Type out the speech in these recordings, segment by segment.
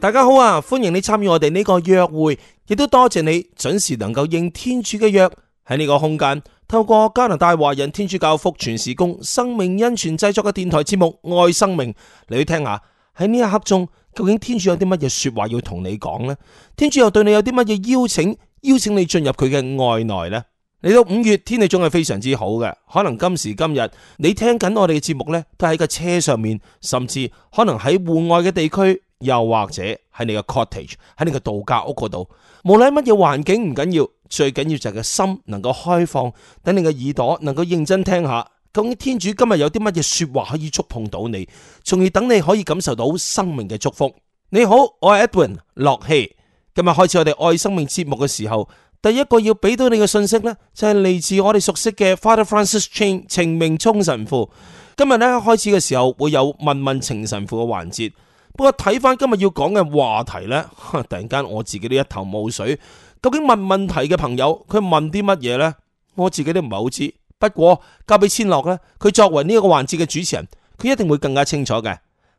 大家好啊！歡迎你參與我哋呢個約會，亦都多謝你準時能夠應天主嘅約喺呢個空間。透過加拿大華人天主教福傳事工生命恩泉製作嘅電台節目《愛生命》你去聽下。喺呢一刻中，究竟天主有啲乜嘢說話要同你講呢？天主又對你有啲乜嘢邀請？邀請你進入佢嘅愛內呢？嚟到五月天氣總係非常之好嘅。可能今時今日你聽緊我哋嘅節目呢，都喺個車上面，甚至可能喺戶外嘅地區。又或者喺你嘅 cottage 喺你嘅度假屋嗰度，無論乜嘢環境唔緊要，最緊要就係個心能夠開放，等你嘅耳朵能夠認真聽下，咁天主今日有啲乜嘢說話可以觸碰到你，從而等你可以感受到生命嘅祝福。你好，我係 Edwin 樂氣。今日開始我哋愛生命節目嘅時候，第一個要俾到你嘅信息呢，就係嚟自我哋熟悉嘅 Father Francis Chan，程明聰神父。今日呢，開始嘅時候會有問問程神父嘅環節。不過睇翻今日要講嘅話題呢，突然間我自己都一頭霧水。究竟問問題嘅朋友，佢問啲乜嘢呢？我自己都唔係好知。不過交俾千樂呢，佢作為呢個環節嘅主持人，佢一定會更加清楚嘅。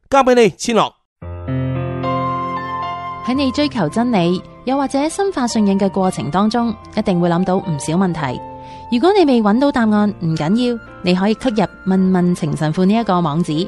交俾你，千樂。喺你追求真理又或者深化信任嘅過程當中，一定會諗到唔少問題。如果你未揾到答案，唔緊要，你可以吸入問問情神父呢一個網址。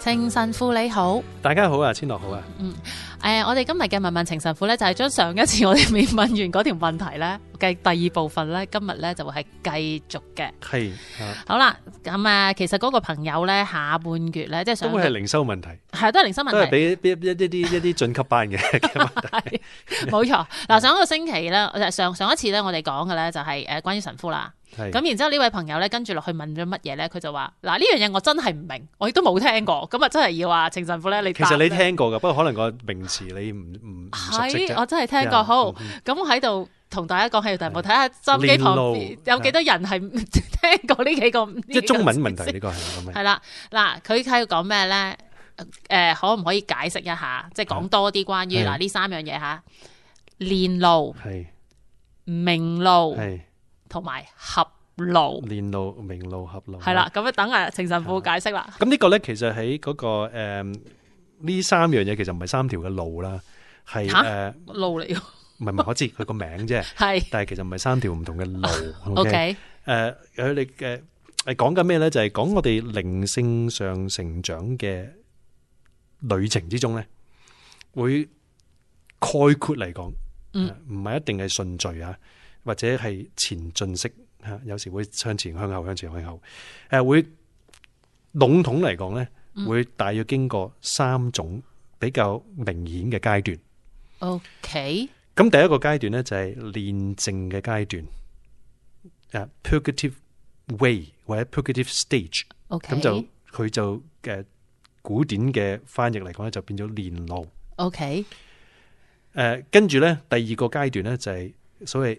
情神父你好，大家好啊，千樂好啊。嗯，誒、呃，我哋今日嘅問問情神父咧，就係、是、將上一次我哋未問完嗰條問題咧嘅第二部分咧，今日咧就會係繼續嘅。係，是好啦，咁、嗯、啊，其實嗰個朋友咧，下半月咧，即、就、係、是、都會係靈修問題，係都係靈修問題，都係俾一啲一啲一啲晉級班嘅 問題，冇錯。嗱，上一個星期咧，上上一次咧，我哋講嘅咧，就係、是、誒關於神父啦。咁然之後呢位朋友咧跟住落去問咗乜嘢咧？佢就話：嗱呢樣嘢我真係唔明，我亦都冇聽過。咁啊真係要話情神符咧你。其實你聽過噶，不過可能個名詞你唔唔熟悉啫。我真係聽過，好。咁我喺度同大家講，喺度大我睇下手機，旁邊有幾多人係聽過呢幾個。即係中文問題呢個係。係啦，嗱，佢喺度講咩咧？誒，可唔可以解釋一下？即係講多啲關於嗱呢三樣嘢吓。練路，明路同埋合路、連路、明路、合路，係啦。咁啊，等啊，程神父解釋啦。咁呢個咧，其實喺嗰個誒呢三樣嘢，其實唔係三條嘅路啦，係誒路嚟嘅。唔係唔係，我知佢個名啫。係，但係其實唔係三條唔同嘅路。OK，誒，佢哋嘅係講緊咩咧？就係講我哋靈性上成長嘅旅程之中咧，會概括嚟講，唔係一定係順序啊。或者係前進式吓，有時會向前、向後、向前、向後。誒，會籠統嚟講咧，會大約經過三種比較明顯嘅階段。O K. 咁第一個階段咧就係練靜嘅階段。誒 Okay，purgative way 或者 purgative stage Okay。O K. 咁就佢就嘅古典嘅翻譯嚟講咧，就變咗練路。O K. 誒，跟住咧第二個階段咧就係、是、所謂。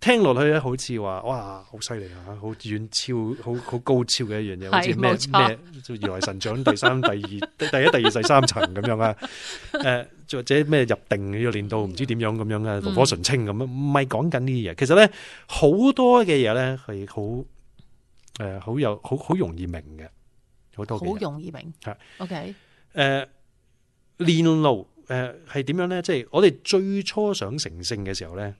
聽落去咧，好似話哇，好犀利啊！好遠超，好好高超嘅一樣嘢，好似咩咩，如來神掌第三、 第二、第一、第二、第三層咁樣啊！誒， 或者咩入定要練到唔知點樣咁樣啊，爐火純青咁啊！唔係講緊呢啲嘢，其實咧好多嘅嘢咧係好誒，好、呃、有好好容易明嘅，好多好容易明。OK 誒，練 Okay.、呃、路誒係點樣咧？即、就、係、是、我哋最初想成聖嘅時候咧，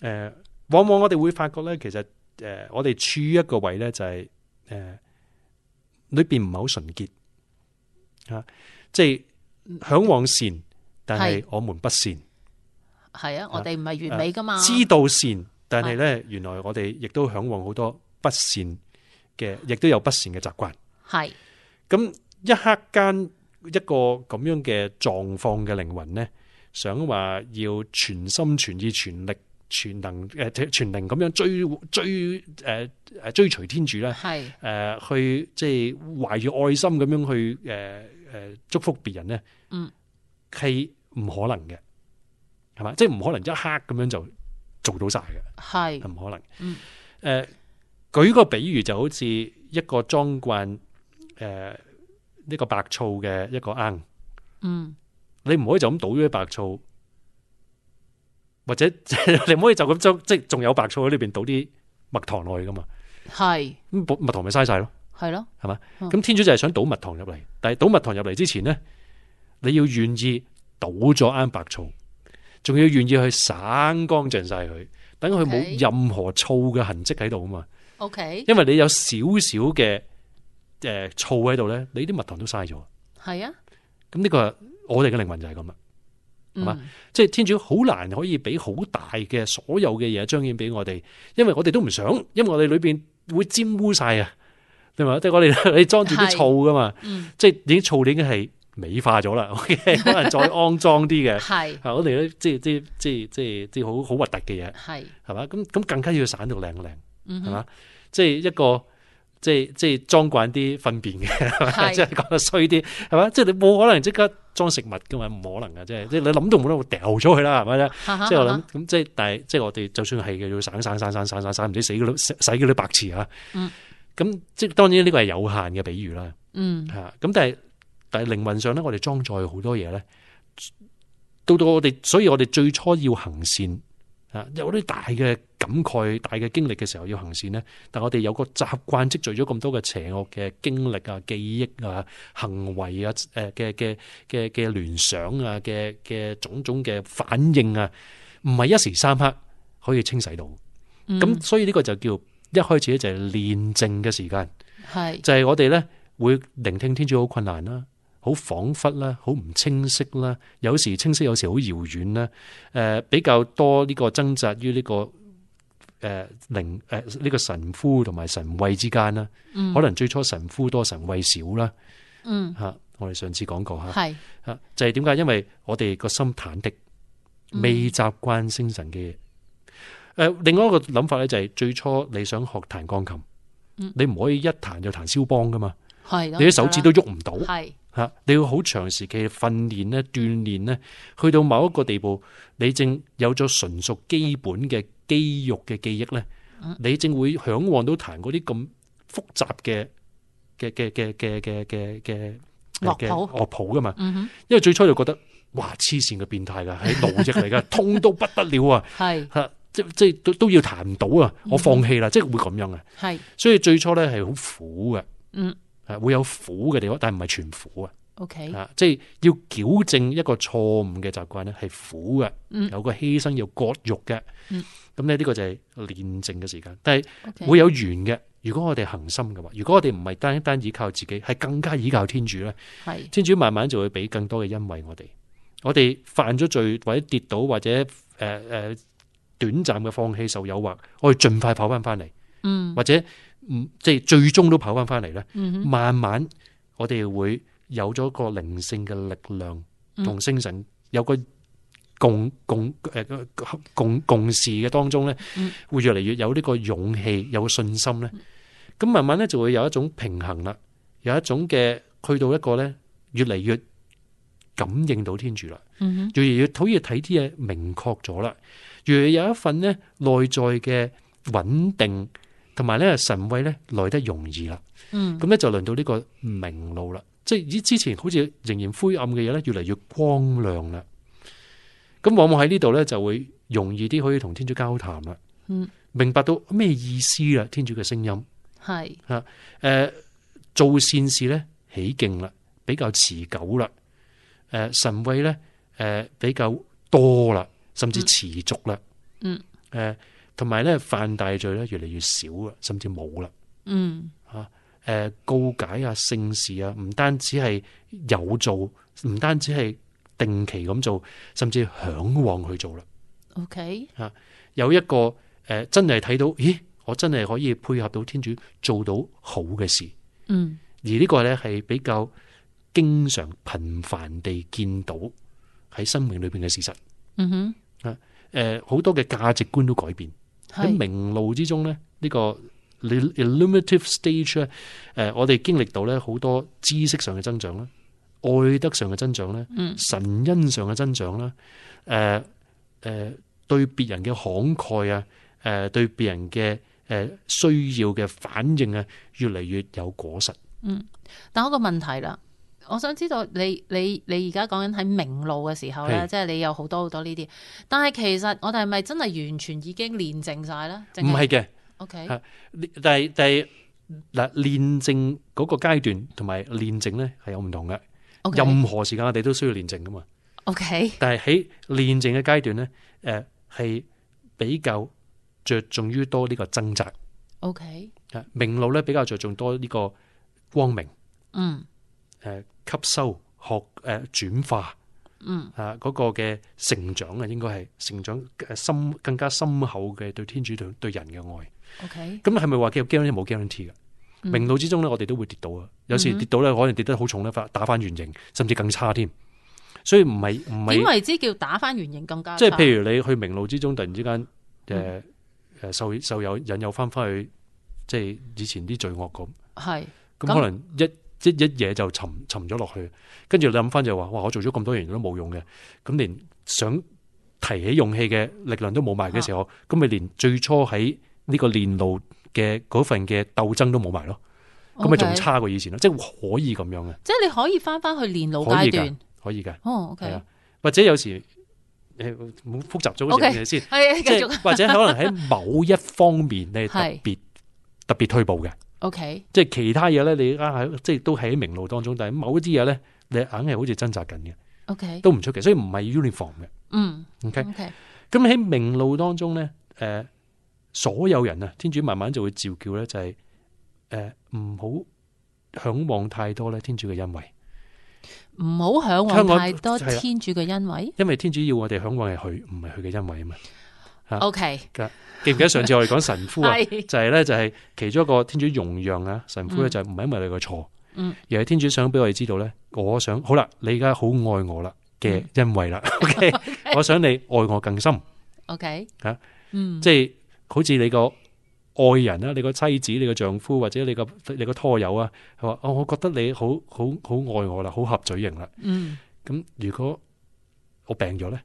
誒、呃。往往我哋會發覺咧，其實誒，我哋處於一個位咧，就係誒，裏邊唔係好純潔啊，即係向往善，但係我們不善。係啊，我哋唔係完美噶嘛。知道善，但係咧，原來我哋亦都向往好多不善嘅，亦都有不善嘅習慣。係的，咁一刻間一個咁樣嘅狀況嘅靈魂咧，想話要全心全意全力。全能誒、呃，全能咁樣追追誒誒，追隨、呃、天主咧，係誒去即係懷住愛心咁樣去誒誒、呃呃、祝福別人咧，嗯，係唔可能嘅，係嘛，即係唔可能一刻咁樣就做到晒嘅，係唔是可能，嗯，誒、呃、舉個比喻就好似一個裝慣誒呢個白醋嘅一個罌，嗯，你唔可以就咁倒咗啲白醋。或者你唔可以就咁將即仲有白醋喺呢邊倒啲蜜糖落去噶嘛？係咁的，蜜糖咪嘥晒咯。係咯，係嘛？咁天主就係想倒蜜糖入嚟，但係倒蜜糖入嚟之前咧，你要願意倒咗啱白醋，仲要願意去散乾淨晒佢，等佢冇任何醋嘅痕跡喺度啊嘛。O Okay K，因為你有少少嘅誒醋喺度咧，你啲蜜糖都嘥咗。係啊的，咁呢、這個我哋嘅靈魂就係咁啊。係嘛，即係天主好難可以俾好大嘅所有嘅嘢彰顯俾我哋，因為我哋都唔想，因為我哋裏邊會沾污晒啊，係嘛，即係我哋你裝住啲醋噶嘛，是即係已經醋已經係美化咗啦， okay? 可能再安裝啲嘅，係 是我哋咧，就是，即係即係即係即係啲好好核突嘅嘢，係係嘛，咁，就，咁，是、是更加要省到靚靚，係嘛，嗯哼，即係一個。即係即係裝慣啲糞便嘅，即係講是的 得衰啲，係嘛？即係你冇可能即刻裝食物噶嘛，唔可能噶，即係 即係你諗到冇得掉咗佢啦，係咪？即係我諗咁即係，但係即係我哋就算係嘅，散散散散散散散唔知死幾啲白痴啊！嗯，咁即係當然呢個係有限嘅比喻啦。嗯，吓咁但係但係靈魂上咧，我哋裝載好多嘢咧，到到我哋，所以我哋最初要行善。有啲大嘅感慨、大嘅經歷嘅時候要行善咧，但我哋有個習慣積聚咗咁多嘅邪惡嘅經歷啊、記憶啊、行為啊、誒嘅嘅嘅嘅聯想啊、嘅嘅種種嘅反應啊，唔係一時三刻可以清洗到。咁、嗯、所以呢個就叫一開始就係煉淨嘅時間，係是就係我哋咧會聆聽天主好困難啦。好恍惚啦，好唔清晰啦，有時清晰，有時好遙遠啦。誒、呃，比較多呢個掙扎於呢、這個誒靈誒呢個神夫同埋神位之間啦。嗯、可能最初神夫多神位少啦。嗯，吓、啊，我哋上次講過吓，係吓是、啊、就係點解？因為我哋個心忐忑，未習慣精神嘅嘢。誒、呃，另外一個諗法咧就係、是、最初你想學彈鋼琴，你唔可以一彈就彈肖邦㗎嘛。係，你啲手指都喐唔到，係吓，你要好長時期嘅訓練咧、鍛煉咧，去到某一個地步，你正有咗純熟基本嘅肌肉嘅記憶咧，你正會嚮往到彈嗰啲咁複雜嘅嘅嘅嘅嘅嘅嘅樂譜樂譜噶嘛？因為最初就覺得哇，黐線嘅變態噶，係勞力嚟噶，痛都不得了啊！係吓，即即都都要彈唔到啊！我放棄啦，即會咁樣嘅。係，所以最初咧係好苦嘅。嗯。係會有苦嘅地方，但係唔係全苦啊。OK，啊，即係要矯正一個錯誤嘅習慣咧，係苦嘅，有個犧牲要割肉嘅。嗯，咁咧呢個就係煉淨嘅時間，但係會有緣嘅。Okay. 如果我哋恒心嘅話，如果我哋唔係單單依靠自己，係更加依靠天主咧，係是天主慢慢就會俾更多嘅恩惠我哋。我哋犯咗罪或者跌倒或者誒誒短暫嘅放棄受誘惑，我哋盡快跑翻翻嚟。嗯，或者。呃呃嗯，即係最終都跑翻翻嚟咧。慢慢我哋會有咗個靈性嘅力量同精神，有個共共誒共共事嘅當中咧，會越嚟越有呢個勇氣，有個信心咧。咁慢慢咧就會有一種平衡啦，有一種嘅去到一個咧越嚟越感應到天主啦。嗯哼，越嚟越好似睇啲嘢明確咗啦，越嚟有一份咧內在嘅穩定。同埋咧，神慰咧來得容易啦。嗯，咁咧就輪到呢個明路啦，即係以之前好似仍然灰暗嘅嘢咧，越嚟越光亮啦。咁往往喺呢度咧就會容易啲可以同天主交談啦。嗯，明白到咩意思啦？天主嘅聲音係吓，誒是、呃，做善事咧起勁啦，比較持久啦。誒、呃，神慰咧，誒、呃，比較多啦，甚至持續啦、嗯。嗯，誒、呃。同埋咧，犯大罪咧，越嚟越少啦，甚至冇啦。嗯，吓，誒，告解啊，聖事啊，唔單止係有做，唔單止係定期咁做，甚至向往去做啦。OK，吓、啊，有一個誒、呃，真係睇到，咦，我真係可以配合到天主，做到好嘅事。嗯，而個呢個咧係比較經常、頻繁地見到喺生命裏邊嘅事實。嗯哼，啊，誒、呃，好多嘅價值觀都改變。喺明路之中咧，呢、這個 illuminative stage 咧，誒，我哋經歷到咧好多知識上嘅增長啦，愛德上嘅增長啦，神恩上嘅增長啦，誒誒、嗯，對別人嘅慷慨啊，誒，對別人嘅誒需要嘅反應啊，越嚟越有果實。嗯，但係我個問題啦。我想知道你你你而家講緊喺明路嘅時候咧，即係是你有好多好多呢啲，但係其實我哋係咪真係完全已經練淨晒啦？唔係嘅，OK，啊，但係但係嗱練淨嗰個階段呢同埋練淨咧係有唔同嘅。OK。任何時間我哋都需要練淨噶嘛，OK 但。但係喺練淨嘅階段咧，誒係比較着重於多呢個掙扎，OK。啊，明路咧比較着重多呢個光明，嗯。誒，吸收、學、誒、轉化，嗯，啊，嗰個嘅成長啊，應該係成長誒，深更加深厚嘅對天主對對人嘅愛。O K，咁係咪話叫 guarantee 冇 guarantee 嘅？明路之中咧，我哋都會跌到啊，有時跌到咧，可能跌得好重咧，翻打翻原形，甚至更差添。所以唔係唔係點為之叫打翻原形更加？即係譬如你去明路之中，突然之間誒誒受受有引誘翻翻去，即係以前啲罪惡咁。係咁是可能一。嗯即一嘢就沉沉咗落去，跟住諗翻就話：哇！我做咗咁多年都冇用嘅，咁連想提起勇氣嘅力量都冇埋嘅時候，咁咪連最初喺呢個練路嘅嗰份嘅鬥爭都冇埋咯，咁咪仲差過以前咯，okay, 即係可以咁樣嘅。即係你可以翻翻去練路階段可以嘅，可以嘅哦，OK，或者有時誒，欸、複雜咗嘅 okay, 先，係即、okay, 或者可能喺某一方面咧特別 的特別退步嘅。O K，即係其他嘢咧，你啱喺即係都喺明路當中，但係某啲嘢咧，你硬係好似掙扎緊嘅。O K，都唔出奇，所以唔係 uniform 嘅。嗯，O K。咁喺明路當中咧，誒，所有人啊，天主慢慢就會召叫咧，就係、是、誒，唔好向往太多咧，天主嘅恩惠。唔好向往太多天主嘅恩惠，因為天主要我哋向往係佢，唔係佢嘅恩惠啊嘛。OK，記唔記得上次我哋講神夫啊， 是就係咧，就係其中一個天主容讓啊，神父咧就係唔係因為你個錯，嗯、而係天主想俾我哋知道咧，我想好啦，你而家好愛我啦嘅因為啦，OK，我想你愛我更深，OK，啊，即係、嗯、好似你個愛人啦，你個妻子、你個丈夫或者你個你個拖友啊，係話哦，我覺得你好好好愛我啦，好合嘴型啦，嗯，咁如果我病咗咧，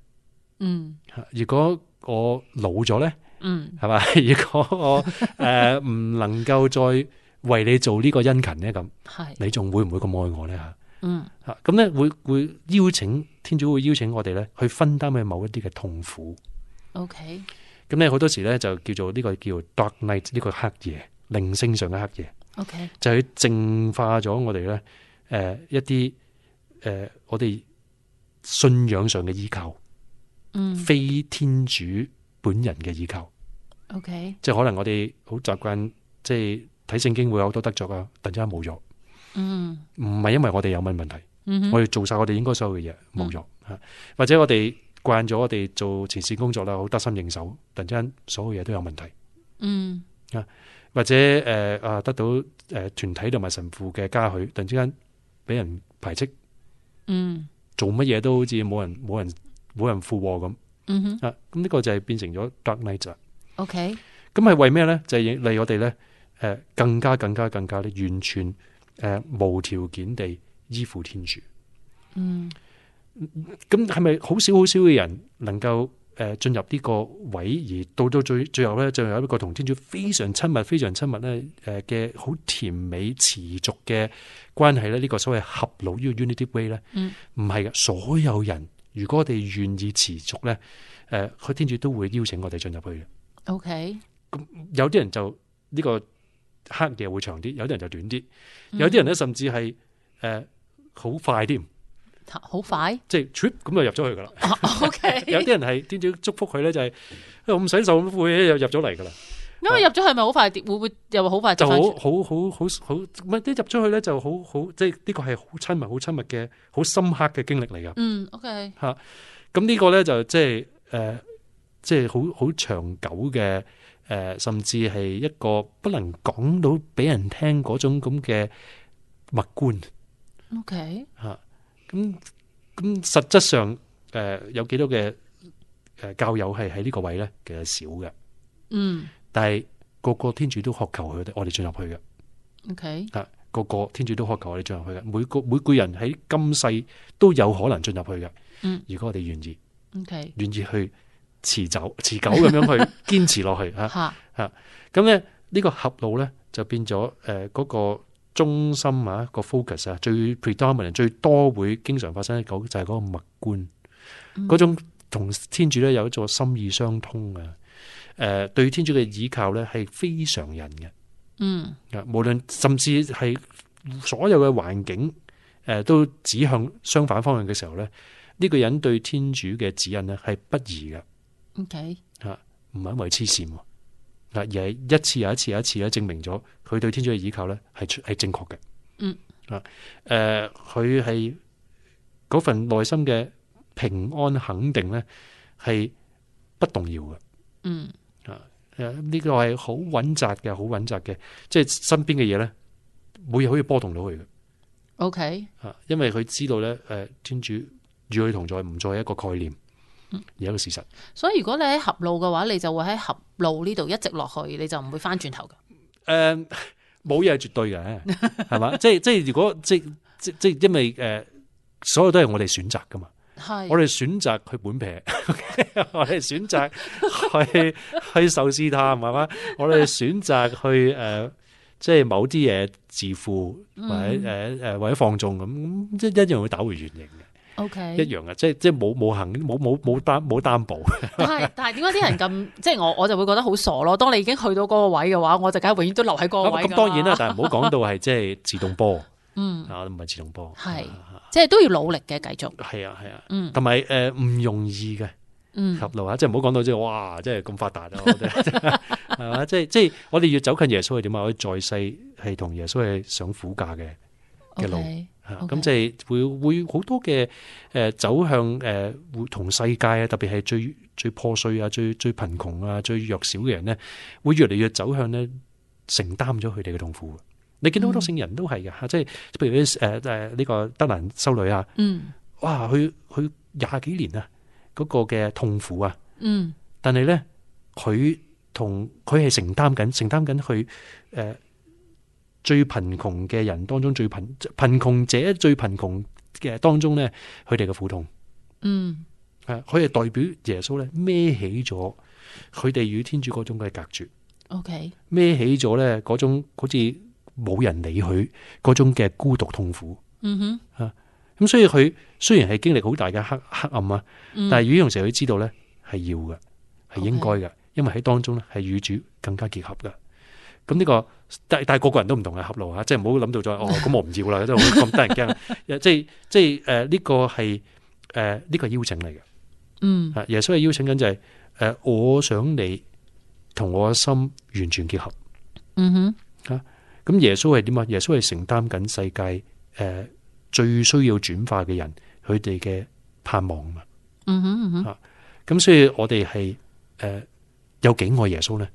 嗯，如果。我老咗咧，嗯，係嘛？如果我誒唔、呃、 能夠再為你做這個恩呢個殷勤咧，咁，係你仲會唔會咁愛我咧？吓、嗯，嗯，吓咁咧會會邀請天主會邀請我哋咧去分擔佢某一啲嘅痛苦。OK，咁咧好多時咧就叫做呢個叫 dark night 呢個黑夜，靈性上嘅黑夜。OK，就去淨化咗我哋咧，誒一啲誒我哋信仰上嘅依靠。嗯，非天主本人嘅依靠，OK，即係可能我哋好習慣，即係睇聖經會有好多得着啊，突然之間冇咗，嗯，唔係因為我哋有問問題，嗯、哼我哋做晒我哋應該所有嘅嘢冇咗吓，嗯、或者我哋慣咗我哋做前線工作啦，好得心應手，突然之間所有嘢都有問題，嗯啊，或者誒啊、呃、得到誒團體同埋神父嘅嘉許，突然之間俾人排斥，嗯，做乜嘢都好似冇人冇人。冇人復活咁，嗯、哼啊，咁、這、呢個就係變成咗 Dark Night 咗。O K，咁係為咩咧？就係、是、令我哋咧，誒，更加更加更加咧，完全誒無條件地依附天主。嗯，咁係咪好少好少嘅人能夠誒進入呢個位，而到到最最後咧，就有一個同天主非常親密、非常親密咧，誒嘅好甜美持續嘅關係咧？呢、這個所謂合路 unitive way 咧，唔係嘅所有人。如果我哋願意持續咧，誒，佢天主都會邀請我哋進入去嘅。OK，咁有啲人就呢個黑夜會長啲，有啲人就短啲，有啲人咧甚至係誒好快添，嗯、好快，即係 trip 咁就入咗去噶啦。OK，有啲人係天主祝福佢咧，就係唔使受咁苦，又入咗嚟噶啦。因為入咗去，咪好快跌，唔哇會，會又話好快跌就好好好好好，係一入咗去咧，就好好即係呢個係好親密、好親密嘅、好深刻嘅經歷嚟㗎。嗯，OK，吓咁呢個咧就即係誒、呃，即係好好長久嘅誒、呃，甚至係一個不能講到俾人聽嗰種咁嘅物觀。OK，吓咁咁實質上誒、呃，有幾多嘅誒教友係喺呢個位咧？其實少嘅。嗯。但係個個天主都渴求佢哋，我哋進入去嘅。OK，啊，個個天主都渴求我哋進入去嘅。每個每個人喺今世都有可能進入去嘅。嗯，如果我哋願意，OK，願意去持久持久咁樣去堅持落去 啊。吓、啊，咁咧呢、這個合路咧就變咗誒，嗰、呃那個中心啊、那個 focus 啊，最 predominant 最多會經常發生嘅就係嗰個物觀，嗰種同天主咧有一座心意相通嘅、啊。誒、呃，對天主嘅依靠咧係非常人嘅，嗯啊，無論甚至係所有嘅環境誒、呃，都指向相反方向嘅時候咧，呢、這個人對天主嘅指引咧係不疑嘅，OK 吓、呃，唔係因為痴線，嗱而係一次又一次一次咧證明咗佢對天主嘅依靠咧係係正確嘅，嗯啊，誒、呃，佢係嗰份內心嘅平安肯定咧係不動搖嘅，嗯。呢個係好穩紮嘅，好穩紮嘅，即係身邊嘅嘢咧，每日可以波動到佢嘅 Okay。OK，啊，因為佢知道咧，誒，天主與佢同在唔再係一個概念，而一個事實。嗯、所以如果你喺合路嘅話，你就會喺合路呢度一直落去，你就唔會翻轉頭嘅。誒、呃，冇嘢係絕對嘅，係嘛？ 即係即係如果即即即因為誒、呃，所有都係我哋選擇噶嘛？是我哋選擇去本平， 我哋選擇去 去壽司攤係嘛？ 我哋選擇去誒、呃，即係某啲嘢自負或者誒誒、呃、或者放縱咁，一一樣會打回原形嘅。OK，一樣嘅，即係即係冇冇行冇冇冇擔冇擔保。係，但係點解啲人咁？ 即係我我就會覺得好傻咯。當你已經去到嗰個位嘅話，我就梗係永遠都留喺嗰個位。咁當然啦，但係唔好講到係即係自動波，嗯，啊，都唔係自動波，係是、啊、即係都要努力嘅，繼續係啊係啊，同埋誒唔容易嘅，合路啊、嗯，即係唔好講到即係哇，即係咁發達啊，係嘛，即係即係我哋要走近耶穌係點 Okay, 啊？我哋在世係同耶穌係上苦架嘅嘅路，咁即係會會好多嘅誒走向誒、呃、同世界啊，特別係最最破碎啊、最最貧窮啊、最弱小嘅人咧，會越嚟越走向咧承擔咗佢哋嘅痛苦。你見到好多聖人都係㗎吓，即係、嗯、譬如誒誒呢個德蘭修女啊，嗯，哇，佢佢廿幾年啊，嗰、那個嘅痛苦啊，嗯但是呢，但係咧佢同佢係承擔緊承擔緊佢誒最貧窮嘅人當中最貧貧窮者最貧窮嘅當中咧，佢哋嘅苦痛，嗯，啊，佢係代表耶穌咧孭起咗佢哋與天主嗰種嘅隔絕，OK，孭起咗咧嗰種好似。冇人理佢嗰種嘅孤獨痛苦，嗯哼、mm，咁、hmm. 啊、所以佢雖然係經歷好大嘅黑黑暗啊，mm hmm. 但係與此同時佢知道咧係要嘅，係應該嘅，Okay. 因為喺當中咧係與主更加結合嘅。咁呢、這個但係但係個個人都唔同嘅合路啊，即係唔好諗到再哦，咁我唔要啦， 即係咁得人驚，即係即係誒呢個係誒呢個邀請嚟嘅，嗯、mm hmm. 啊，耶穌係邀請緊就係誒我想你同我心完全結合，嗯、啊、哼，咁耶穌係點啊？耶穌係承擔緊世界誒、呃、最需要轉化嘅人，佢哋嘅盼望嘛。嗯哼，吓、嗯，咁、啊、所以我哋係誒有幾愛耶穌咧？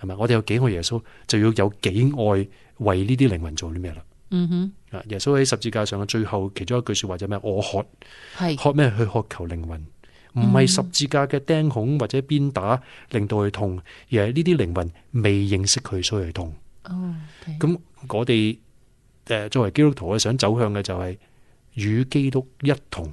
係咪？我哋有幾愛耶穌，就要有幾愛為呢啲靈魂做啲咩啦？嗯哼，啊，耶穌喺十字架上嘅最後其中一句說話就咩？我渴，係渴咩？去渴求靈魂，唔係十字架嘅釘孔或者鞭打令到佢痛，而係呢啲靈魂未認識佢所以痛。哦，咁 Okay. 我哋誒作為基督徒，我想走向嘅就係與基督一同，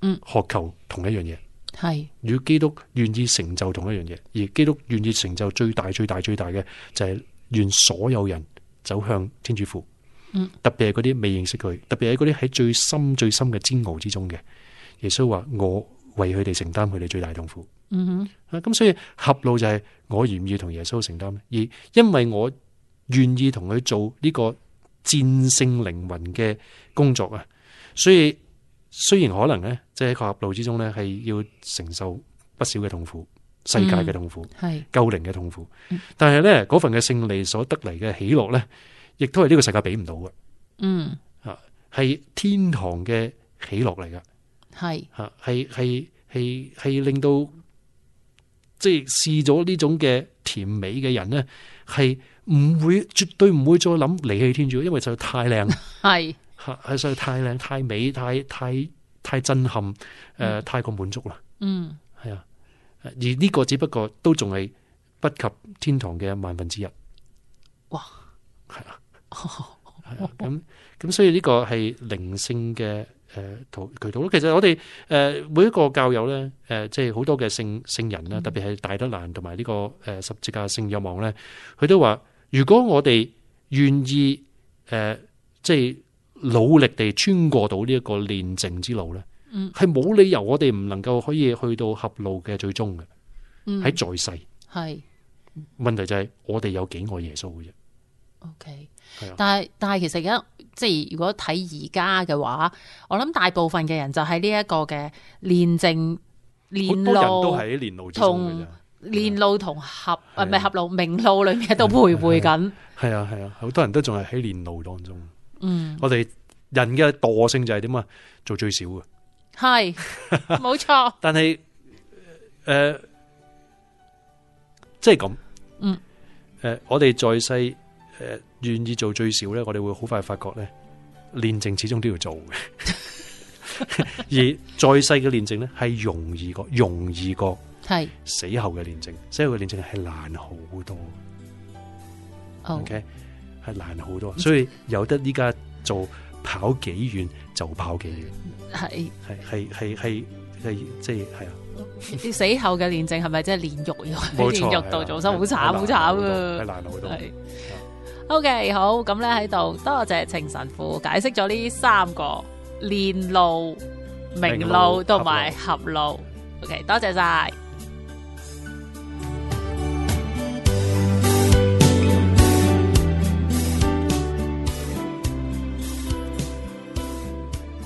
嗯，渴求同一樣嘢，係與、嗯、基督願意成就同一樣嘢，而基督願意成就最大最大最大嘅就係願所有人走向天主父，嗯，特別係嗰啲未認識佢，特別係嗰啲喺最深最深嘅煎熬之中嘅，耶穌話，我為佢哋承擔佢哋最大痛苦，嗯哼，咁所以合路就係我願意同耶穌承擔，而因為我。願意同佢做呢個戰勝靈魂嘅工作啊！所以雖然可能呢，即係喺個合路之中呢，係要承受不少嘅痛苦，世界嘅痛苦，係、嗯、救靈嘅痛苦。但係呢，嗰份嘅勝利所得嚟嘅喜樂呢，亦都係呢個世界俾唔到嘅。嗯啊，係天堂嘅喜樂嚟噶，係啊是，係係係令到即係試咗呢種嘅甜美嘅人呢。係。唔會，絕對唔會再諗離棄天主，因為實在太靚，係就係實在太靚、太美、太太太震撼，誒、呃，太過滿足啦。嗯，係啊，而呢個只不過都仲係不及天堂嘅萬分之一。哇，係啊，咁咁、啊，所以呢個係靈性嘅誒、呃、渠道。其實我哋誒、呃、每一個教友咧，誒、呃、即係好多嘅聖聖人啦，特別係大德蘭同埋呢個誒、呃、十字架聖若望咧，佢都話。如果我哋願意誒、呃，即係努力地穿過到呢一個煉淨之路咧，嗯，係冇理由我哋唔能夠可以去到合路嘅最終嘅，喺、嗯、在，在世係是問題就係我哋有幾愛耶穌嘅啫。O Okay , K，、啊、但係但係其實而家即係如果睇而家嘅話，我諗大部分嘅人就喺呢一個嘅煉淨、煉路，好多人都喺煉路之中嘅啫。連路同合是啊，唔係、啊、合路，啊、明路裏面都徘徊緊。係啊係啊，好、啊啊啊、多人都仲係喺連路當中。嗯，我哋人嘅惰性就係點啊？做最少嘅，係冇錯。 錯但係誒，即係咁，就是、這樣嗯，誒、呃，我哋再細誒願意做最少咧，我哋會好快發覺咧，練證，始終都要做嘅。 而再細嘅練證咧，係容易過，容易過係是死後嘅練證，死後嘅練證係難好多、哦、，OK 係難好多，所以有得依家做跑幾遠就跑幾遠，係係係係係即係係啊。死後嘅練證係咪即係煉獄？煉獄度眾生好慘好慘啊，係難好多，是難多是是。OK 好，咁咧喺度多謝情神父解釋咗呢三個練路、明路同埋合路。路 OK 多謝晒。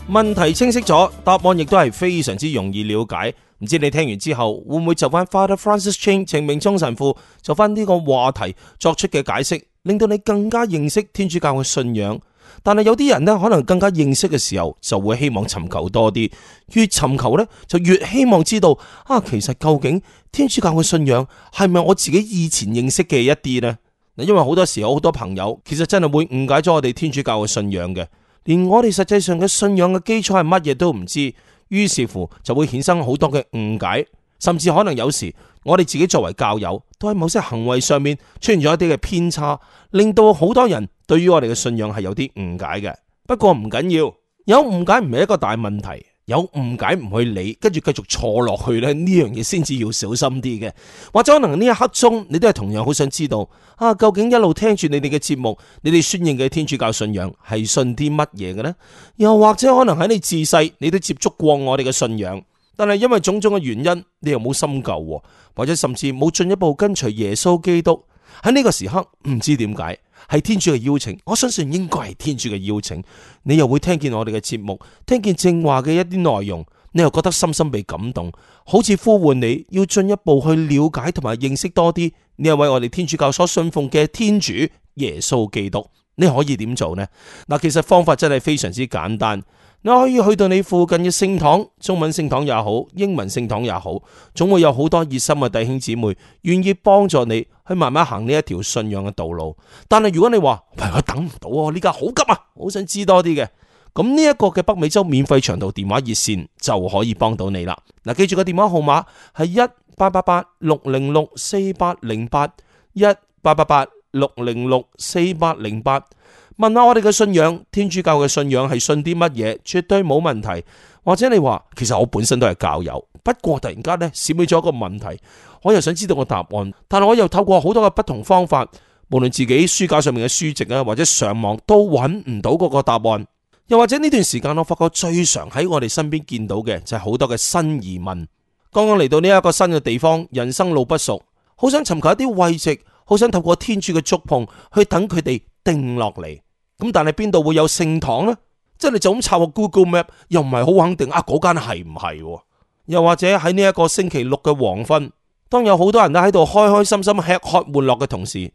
問題清晰咗，答案亦都係非常之容易了解。唔知你聽完之後會唔會就翻 Father Francis Chan、陳明忠神父就翻呢個話題作出嘅解釋，令到你更加認識天主教嘅信仰。但係有啲人呢，可能更加認識嘅時候，就會希望尋求多啲。越尋求呢就越希望知道啊，其實究竟天主教嘅信仰係咪我自己以前認識嘅一啲呢？」嗱，因為好多時候，好多朋友，其實真係會誤解咗我哋天主教嘅信仰嘅。連我哋實際上嘅信仰嘅基礎係乜嘢都唔知，於是乎就會衍生好多嘅誤解，甚至可能有時我哋自己作為教友，都喺某些行為上面出現咗一啲嘅偏差，令到好多人對於我哋嘅信仰係有啲誤解嘅。不過唔緊要，有誤解唔係一個大問題。有誤解唔去理，跟住繼續錯落去咧，呢樣嘢先至要小心啲嘅。或者可能呢一刻鐘，你都係同樣好想知道啊，究竟一路聽住你哋嘅節目，你哋宣認嘅天主教信仰係信啲乜嘢嘅呢？又或者可能喺你自細，你都接觸過我哋嘅信仰，但係因為種種嘅原因，你又冇深究，或者甚至冇進一步跟隨耶穌基督。喺呢個時刻，唔知點解。係天主嘅邀請，我相信應該係天主嘅邀請。你又會聽見我哋嘅節目，聽見正話嘅一啲內容，你又覺得深深被感動，好似呼喚你要進一步去了解同埋認識多啲呢一位我哋天主教所信奉嘅天主耶穌基督。你可以點做呢？嗱，其實方法真係非常之簡單，你可以去到你附近嘅聖堂，中文聖堂也好，英文聖堂也好，總會有好多熱心嘅弟兄姊妹願意幫助你。去慢慢行呢一條信仰嘅道路，但係如果你話喂，我等唔到喎，呢家好急啊，好想知多啲嘅，咁呢一個嘅北美洲免費長途電話熱線就可以幫到你啦。嗱，記住個電話號碼係一八八八六零六四八零八一八八八六零六四八零八。問下我哋嘅信仰，天主教嘅信仰係信啲乜嘢？絕對冇問題。或者你話，其實我本身都係教友，不過突然間咧閃起咗一個問題，我又想知道個答案，但係我又透過好多嘅不同方法，無論自己書架上面嘅書籍啊，或者上網都揾唔到嗰個答案。又或者呢段時間，我發覺最常喺我哋身邊見到嘅就係好多嘅新移民，剛剛嚟到呢一個新嘅地方，人生路不熟，好想尋求一啲慰藉，好想透過天主嘅觸碰去等佢哋定落嚟。咁但係邊度會有聖堂呢？即係你就咁插個 Google Map，又唔係好肯定啊！嗰間係唔係？又或者喺呢一個星期六嘅黃昏，當有好多人都喺度開開心心吃喝玩樂嘅同時，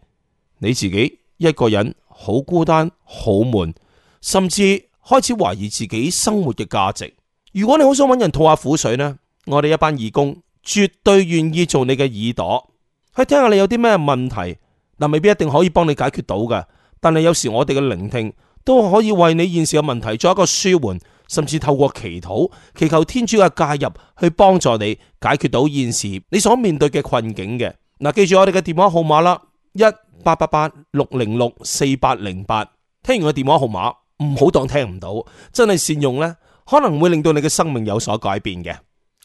你自己一個人好孤單、好悶，甚至開始懷疑自己生活嘅價值。如果你好想揾人吐下苦水呢，我哋一班義工絕對願意做你嘅耳朵，去聽下你有啲咩問題，但未必一定可以幫你解決到嘅。但係有時我哋嘅聆聽都可以為你現時嘅問題做一個舒緩，甚至透過祈禱，祈求天主嘅介入去幫助你解決到現時你所面對嘅困境嘅。嗱，記住我哋嘅電話號碼啦，一八八八六零六四八零八。聽完個電話號碼，唔好當聽唔到，真係善用呢，可能會令到你嘅生命有所改變嘅。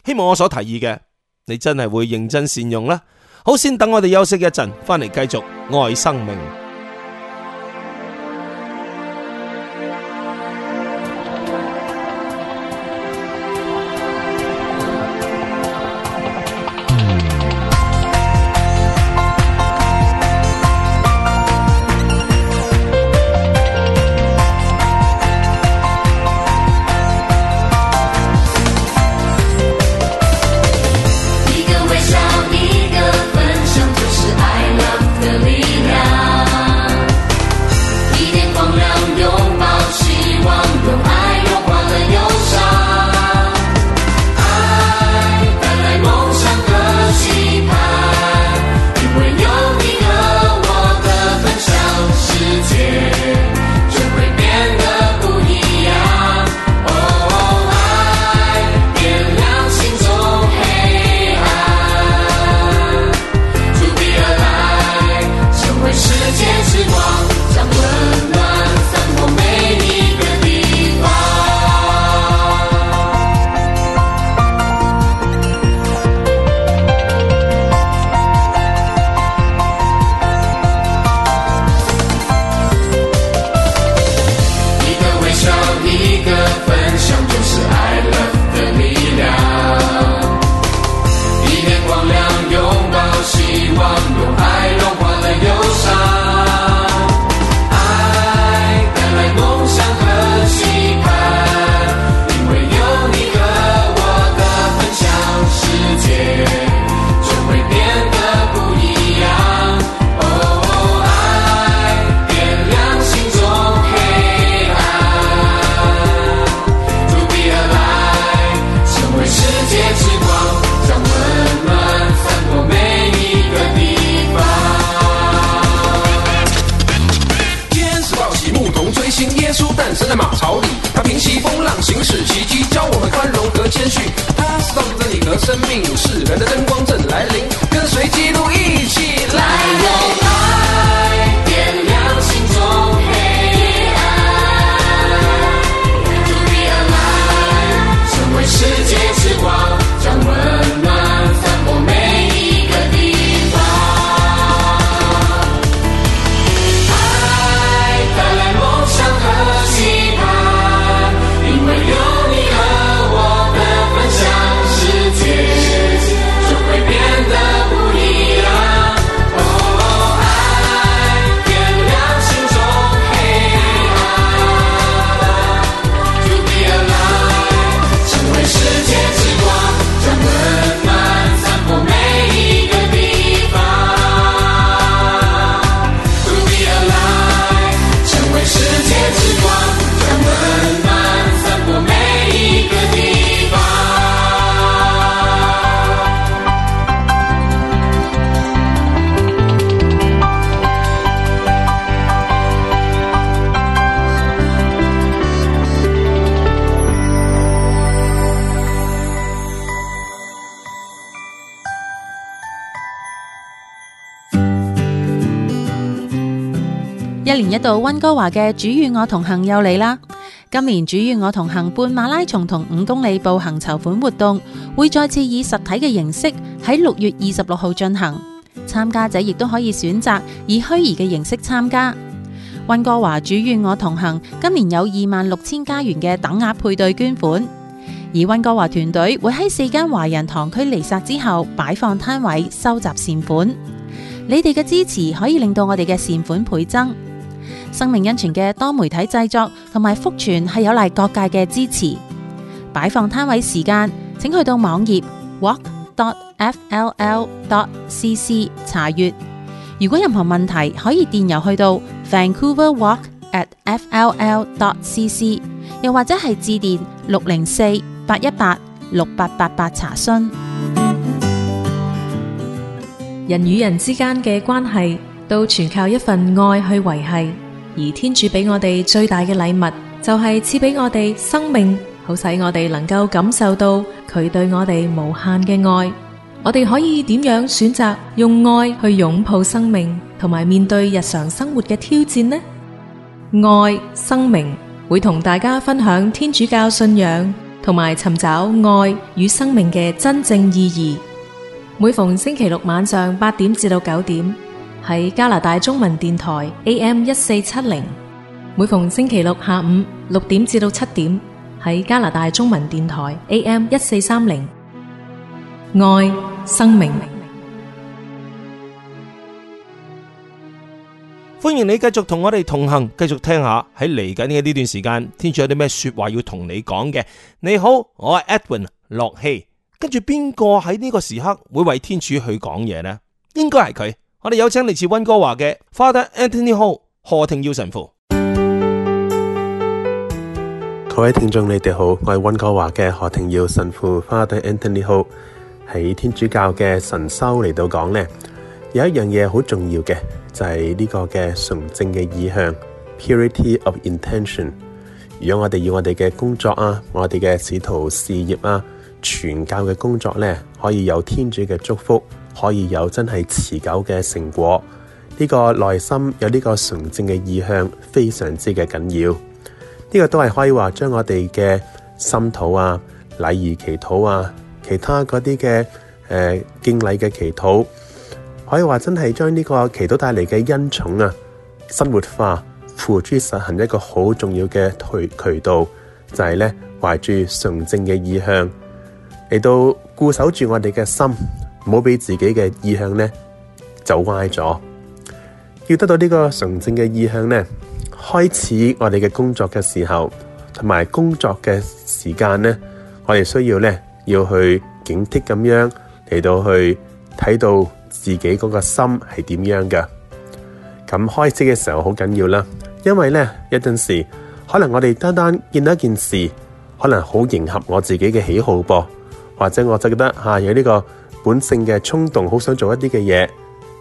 希望我所提議嘅，你真係會認真善用啦。好，先等我哋休息一陣，翻嚟繼續愛生命。一年一度温哥華嘅主願我同行又嚟啦。今年主願我同行半馬拉松同五公里步行籌款活動會再次以實體嘅形式喺六月二十六號進行，參加者亦都可以選擇以虛擬嘅形式參加温哥華主願我同行。今年有二萬六千加元嘅等額配對捐款，而温哥華團隊會喺四間華人堂區彌撒之後擺放攤位收集善款。你哋嘅支持可以令到我哋嘅善款倍增。生命恩泉嘅多媒體製作同埋福傳係有賴各界嘅支持。擺放攤位時間，請去到網頁 walk.fll.cc 查閱。如果任何問題，可以電郵去到 vancouverwalk@fll.cc，又或者係致電六零四八一八六八八八查詢。人與人之間嘅關係，都全靠一份愛去維繫。而天主俾我哋最大嘅禮物，就係賜俾我哋生命，好使我哋能夠感受到佢對我哋無限嘅愛。我哋可以點樣選擇用愛去擁抱生命，同埋面對日常生活嘅挑戰呢？愛、生命，會同大家分享天主教信仰，同埋尋找愛與生命嘅真正意義。每逢星期六晚上八點至到九點。喺加拿大中文電台 A.M. 一四七零，每逢星期六下午六點至到七點喺加拿大中文電台 A.M. 一四三零。愛生命，歡迎你繼續同我哋同行，繼續聽下喺嚟緊嘅呢段時間，天主有啲咩說話要同你講嘅。你好，我係 Edwin 洛希，跟住邊個喺呢個時刻會為天主去講嘢呢？應該係佢。我哋有請嚟自溫哥華嘅 Father Anthony Ho 何庭耀神父。各位聽眾，你哋好，我係溫哥華嘅何庭耀神父，Father Anthony Ho 喺天主教嘅神修嚟到講呢，有一樣嘢好重要嘅，就係呢個嘅純正嘅意向 （purity of intention）。如果我哋要我哋嘅工作啊，我哋嘅使徒事業啊，傳教嘅工作呢，可以有天主嘅祝福。可以有真係持久嘅成果，呢個內心有呢個純正嘅意向，非常之嘅緊要。呢個都係可以話將我哋嘅心禱啊、禮儀祈禱啊、其他嗰啲嘅敬禮嘅祈禱，可以話真係將呢個祈禱帶嚟嘅恩寵啊，生活化付諸實行一個好重要嘅渠渠道，就係咧懷住純正嘅意向嚟到固守住我哋嘅心。唔好俾自己嘅意向咧走歪咗，要得到呢個純正嘅意向咧。開始我哋嘅工作嘅時候，同埋工作嘅時間咧，我哋需要咧要去警惕，咁樣，嚟到去睇到自己嗰個心係點樣㗎。咁開始嘅時候好緊要啦，因為咧一陣時可能我哋單單見到一件事，可能好迎合我自己嘅喜好噃，或者我就覺得吓有呢個。本性嘅衝動，好想做一啲嘅嘢，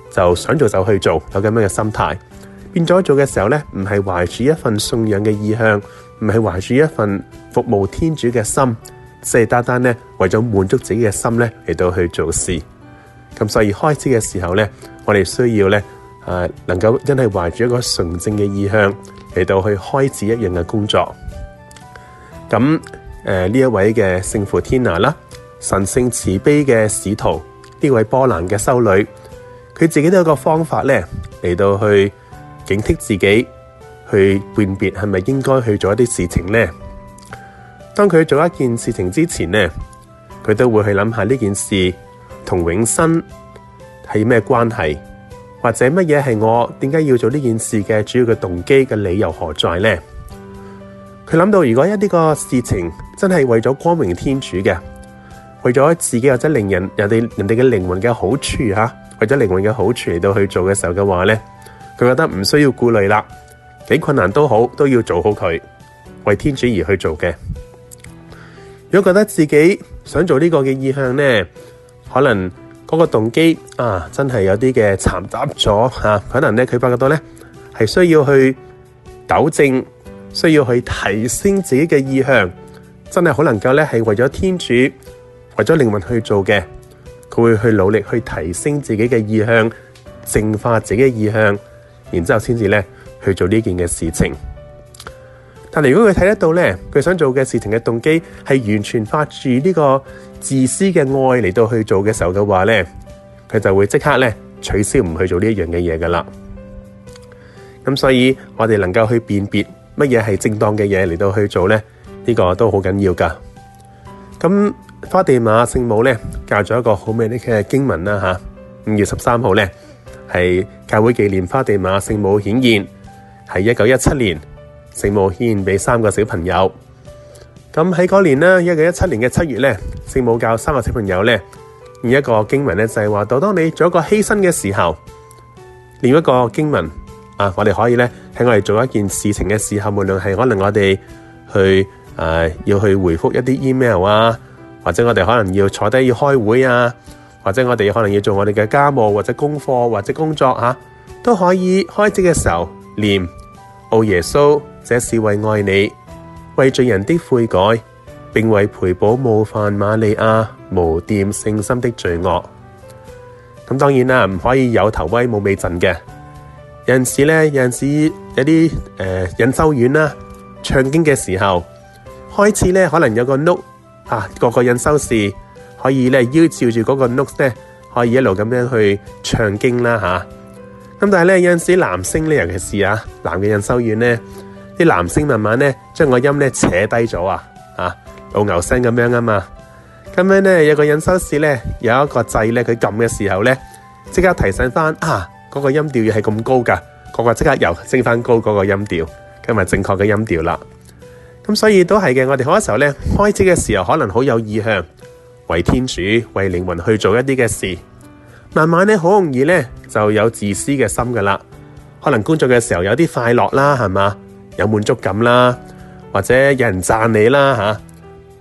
就想做就去做，有咁樣嘅心態，變咗做嘅時候呢，唔係懷住一份信仰嘅意向，唔係懷住一份服務天主嘅心，即係單單呢為咗滿足自己嘅心呢，嚟到去做事。咁所以開始嘅時候呢，我哋需要呢誒，能夠真係懷住一個純正嘅意向嚟到去開始一樣嘅工作。咁誒呢一位嘅聖父天拿啦。神聖慈悲嘅使徒，呢位波蘭嘅修女，佢自己都有個方法咧，嚟到去警惕自己，去辨別係咪應該去做一啲事情咧。當佢做一件事情之前咧，佢都會去諗下呢件事同永生係咩關係，或者乜嘢係我點解要做呢件事嘅主要嘅動機嘅理由何在咧？佢諗到，如果一啲個事情真係為咗光榮天主嘅，為咗自己或者令人人哋人哋嘅靈魂嘅好處吓、啊，為咗靈魂嘅好處嚟到去做嘅時候嘅話呢，佢覺得唔需要顧慮啦，幾困難都好，都要做好佢，為天主而去做嘅。如果覺得自己想做呢個嘅意向呢，可能嗰個動機啊，真係有啲嘅殘雜咗吓，可能呢，佢發覺到呢係需要去糾正，需要去提升自己嘅意向，真係好能夠呢係為咗天主。為咗靈魂去做嘅，佢會去努力去提升自己嘅意向，淨化自己嘅意向，然之後先至咧去做呢件嘅事情。但如果佢睇得到咧，佢想做嘅事情嘅動機係完全發自呢個自私嘅愛嚟到去做嘅時候嘅話咧，佢就會即刻咧取消唔去做呢一樣嘅嘢噶啦。咁所以我哋能夠去辨別乜嘢係正當嘅嘢嚟到去做咧，呢、這個都好緊要噶。咁。花地馬聖母咧教咗一個好美麗嘅經文啦，吓，五月十三號咧係教會紀念花地馬聖母顯現，喺一九一七年聖母顯現俾三個小朋友。咁喺嗰年咧，一九一七年嘅七月咧，聖母教三個小朋友咧，一個經文咧就係話：，到當你做一個犧牲嘅時候，念一個經文啊，我哋可以咧喺我哋做一件事情嘅時候，無論係可能我哋去誒、呃、要去回覆一啲 email 啊。或者我哋可能要坐低要開會啊，或者我哋可能要做我哋嘅家務或者功課或者工作吓、啊，都可以開始嘅時候念，哦耶穌，這是為愛你，為罪人的悔改，並為賠補冒犯瑪利亞無玷聖心的罪惡。咁當然啦，唔可以有頭威冇尾陣嘅。有陣時呢有陣時有啲誒隱修院啦、啊，唱經嘅時候，開始呢，可能有個 note。啊，各個個印收士可以咧依照住嗰個 notes 咧，可以一路咁樣去唱經啦吓，咁、啊、但係咧有陣時男聲咧，尤其是啊男嘅印收院咧，啲男聲慢慢咧將個音咧扯低咗啊啊，老牛牛聲咁樣啊嘛。咁樣咧有個印收士咧有一個掣咧，佢撳嘅時候咧即刻提醒翻啊嗰、嗰個音調要係咁高噶，個個即刻又升翻高嗰個音調，咁咪正確嘅音調啦。咁所以都係嘅。我哋好多時候咧，開始嘅時候可能好有意向為天主、為靈魂去做一啲嘅事。慢慢咧，好容易咧就有自私嘅心噶啦。可能工作嘅時候有啲快樂啦，係嘛有滿足感啦，或者有人讚你啦吓，啊。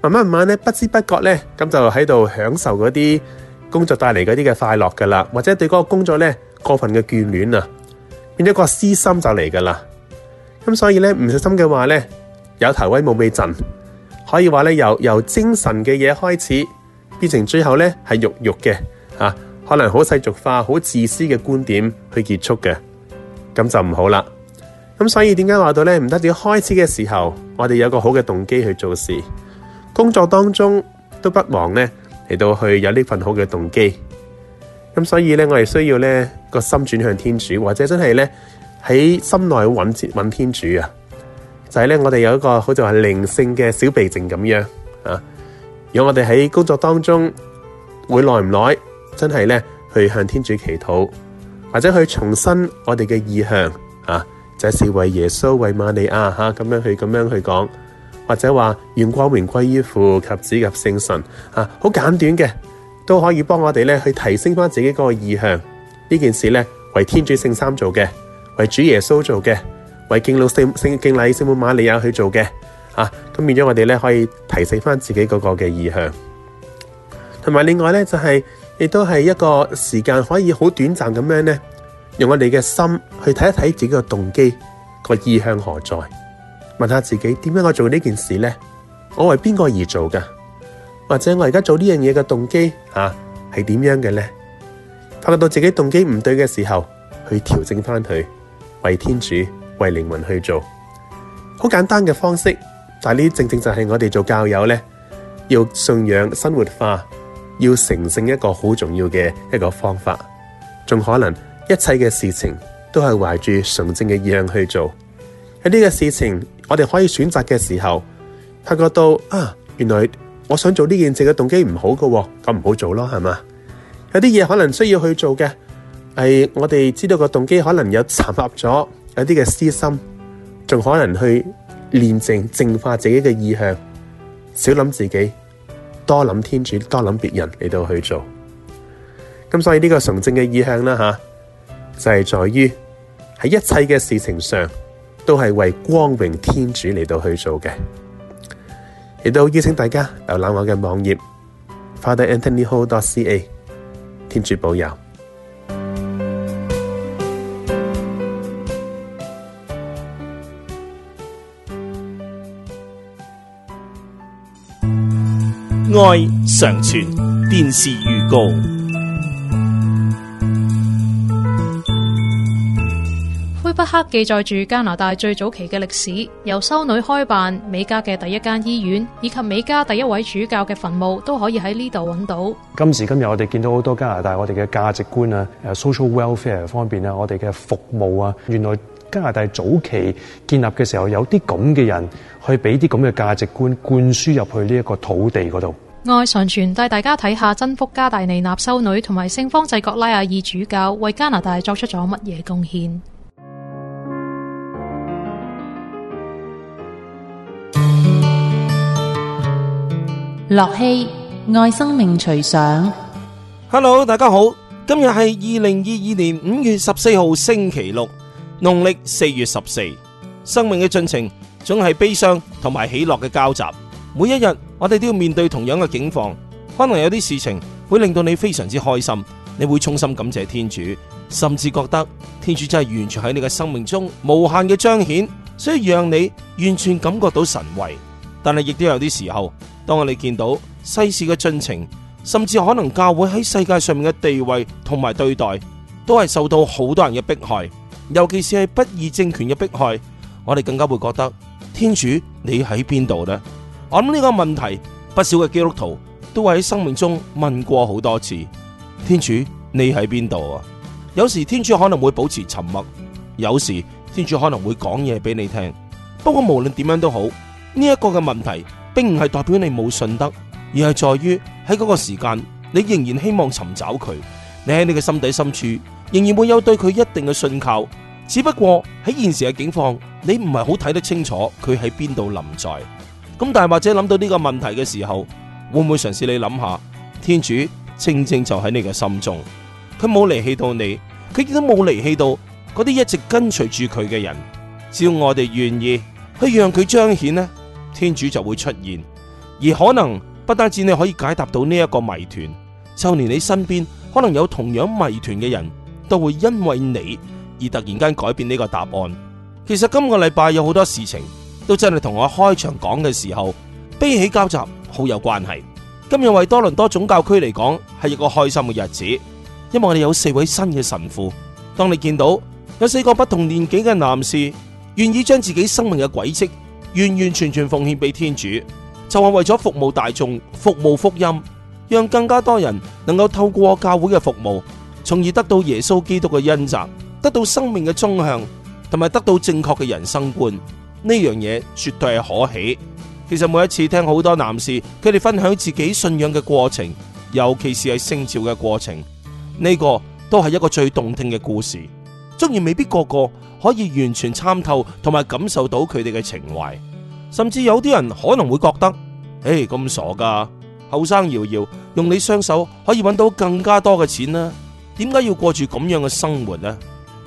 慢慢慢咧，不知不覺咧，咁就喺度享受嗰啲工作帶嚟嗰啲嘅快樂噶啦，或者對嗰個工作咧過分嘅眷戀啊，變咗個私心就嚟噶啦。咁所以咧唔小心嘅話咧。有頭威冇尾陣，可以話咧由由精神嘅嘢開始，變成最後咧係肉肉嘅啊，可能好世俗化、好自私嘅觀點去結束嘅，咁就唔好啦。咁所以點解話到咧唔得？點開始嘅時候，我哋有一個好嘅動機去做事，工作當中都不忘咧嚟到去有呢份好嘅動機。咁所以咧，我哋需要咧個心轉向天主，或者真係咧喺心內揾揾天主啊。就係咧，我哋有一個好似話靈性嘅小鼻症咁樣啊，如果我哋喺工作當中會耐唔耐，真係咧去向天主祈禱，或者去重申我哋嘅意向啊，就是為耶穌、為瑪利亞吓咁樣啊去咁樣去講，或者話願光榮歸於父及子及聖神啊，好簡短嘅都可以幫我哋咧去提升翻自己嗰個意向，呢件事咧為天主聖三做嘅，為主耶穌做嘅。為敬禮聖聖敬禮聖母瑪利亞去做嘅，啊，咁變咗我哋咧可以提醒翻自己嗰個嘅意向，同埋另外咧就係、是、亦都係一個時間可以好短暫咁樣咧，用我哋嘅心去睇一睇自己個動機個意向何在，問下自己點解我做呢件事咧？我為邊個而做噶？或者我而家做呢樣嘢嘅動機啊係點樣嘅咧？發覺到自己動機唔對嘅時候，去調整翻佢為天主。為靈魂去做好簡單嘅方式，但呢正正就係我哋做教友呢，要信仰生活化，要純正一個好重要嘅一個方法。仲可能一切嘅事情都係懷住純正嘅意念去做。喺呢個事情我哋可以選擇嘅時候，察覺到啊，原來我想做呢件事嘅動機唔好嘅，咁唔好做咯，係嘛？有啲嘢可能需要去做嘅，係我哋知道個動機可能有摻合咗。有啲嘅私心，仲可能去練淨淨化自己嘅意向，少諗自己，多諗天主，多諗別人嚟到去做。咁所以呢個純正嘅意向啦吓、啊，就係、是、在於喺一切嘅事情上，都係為光榮天主嚟到去做嘅。亦都邀請大家瀏覽我嘅網頁 ，FatherAnthonyHo.ca，天主保佑。愛常傳電視預告。魁北克記載住加拿大最早期嘅歷史，由修女開辦美加嘅第一間醫院，以及美加第一位主教嘅墳墓，都可以喺呢度揾到。今時今日，我哋見到好多加拿大，我哋嘅價值觀啊，social welfare 方面啊，我哋嘅服務啊，原來加拿大早期建立嘅時候，有啲咁嘅人去俾啲咁嘅價值觀灌輸入去呢一個土地嗰度。愛常傳帶大家睇下真福加大利納修女同埋聖方濟各拉亞爾主教為加拿大作出咗乜嘢貢獻？樂熙愛生命隨想，Hello，大家好，今日係二零二二年五月十四號星期六，農曆四月十四。生命嘅進程總係悲傷同埋喜樂嘅交集，每一日。我哋都要面對同樣嘅境況，可能有啲事情會令到你非常之開心，你會衷心感謝天主，甚至覺得天主真係完全喺你嘅生命中無限嘅彰顯，所以讓你完全感覺到神威。但係亦都有啲時候，當我哋見到世事嘅進程，甚至可能教會喺世界上面嘅地位同埋對待，都係受到好多人嘅迫害，尤其是係不義政權嘅迫害，我哋更加會覺得：「天主，你喺邊度呢？」我諗呢個問題，不少嘅基督徒都會喺生命中問過好多次，天主，你喺邊度啊？有時天主可能會保持沉默，有時天主可能會講嘢俾你聽。不過無論點樣都好，呢一個嘅問題，並唔係代表你冇信德，而係在於喺嗰個時間，你仍然希望尋找佢。你喺你嘅心底深處，仍然會有對佢一定嘅信靠。只不過喺現時嘅境況，你唔係好睇得清楚佢喺邊度臨在。咁但或者諗到呢個問題嘅時候，會唔會嘗試你諗下？天主正正就喺你嘅心中，佢冇離棄到你，佢亦都冇離棄到嗰啲一直跟隨住佢嘅人。只要我哋願意去讓佢彰顯呢，天主就會出現。而可能不單止你可以解答到呢一個謎團，就連你身邊可能有同樣謎團嘅人都會因為你而突然間改變呢個答案。其實今個禮拜有好多事情。都真係同我開場講嘅時候悲喜交集好有關係。今日為多倫多總教區嚟講係一個開心嘅日子，因為我哋有四位新嘅神父。當你見到有四個不同年紀嘅男士願意將自己生命嘅軌跡完完全全奉獻俾天主，就係為咗服務大眾、服務福音，讓更加多人能夠透過教會嘅服務，從而得到耶穌基督嘅恩澤，得到生命嘅終向，同埋得到正確嘅人生觀。呢樣嘢絕對係可喜。其實每一次聽好多男士佢哋分享自己信仰嘅過程，尤其是係聖召嘅過程，呢個都係一個最動聽嘅故事。縱然未必個個可以完全參透同埋感受到佢哋嘅情懷，甚至有啲人可能會覺得：「誒，咁傻噶，後生搖搖，用你雙手可以揾到更加多嘅錢呢？點解要過住咁樣嘅生活呢？」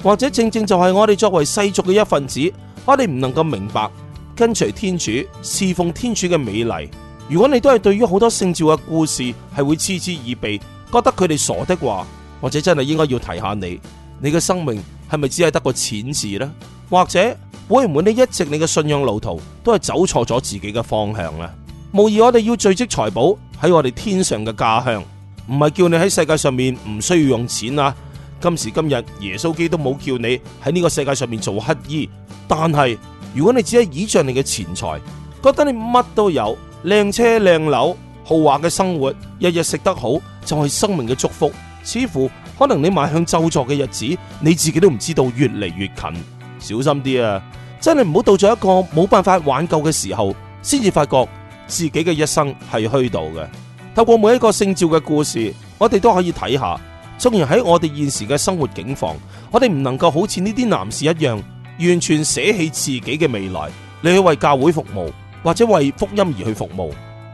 或者正正就係我哋作為世俗嘅一份子，我哋唔能夠明白跟隨天主、侍奉天主嘅美麗。如果你都係對於好多聖召嘅故事係會嗤之以鼻，覺得佢哋傻的話，或者真係應該要提下你，你嘅生命係咪只係得個錢字呢？或者會唔會你一直你嘅信仰路途都係走錯咗自己嘅方向呢？無疑我哋要聚積財寶喺我哋天上嘅家鄉，唔係叫你喺世界上面唔需要用錢啊！今時今日，耶穌基督冇叫你喺呢個世界上面做乞衣，但係如果你只係倚仗你嘅錢財，覺得你乜都有，靚車靚樓，豪華嘅生活，日日食得好，就係生命嘅祝福，似乎可能你邁向咒詛嘅日子，你自己都唔知道越嚟越近，小心啲啊！真係唔好到咗一個冇辦法挽救嘅時候，先至發覺自己嘅一生係虛度嘅。透過每一個聖召嘅故事，我哋都可以睇下。雖然喺我哋現時嘅生活境況，我哋唔能夠好似呢啲男士一樣，完全捨棄自己嘅未來，你去為教會服務或者為福音而去服務。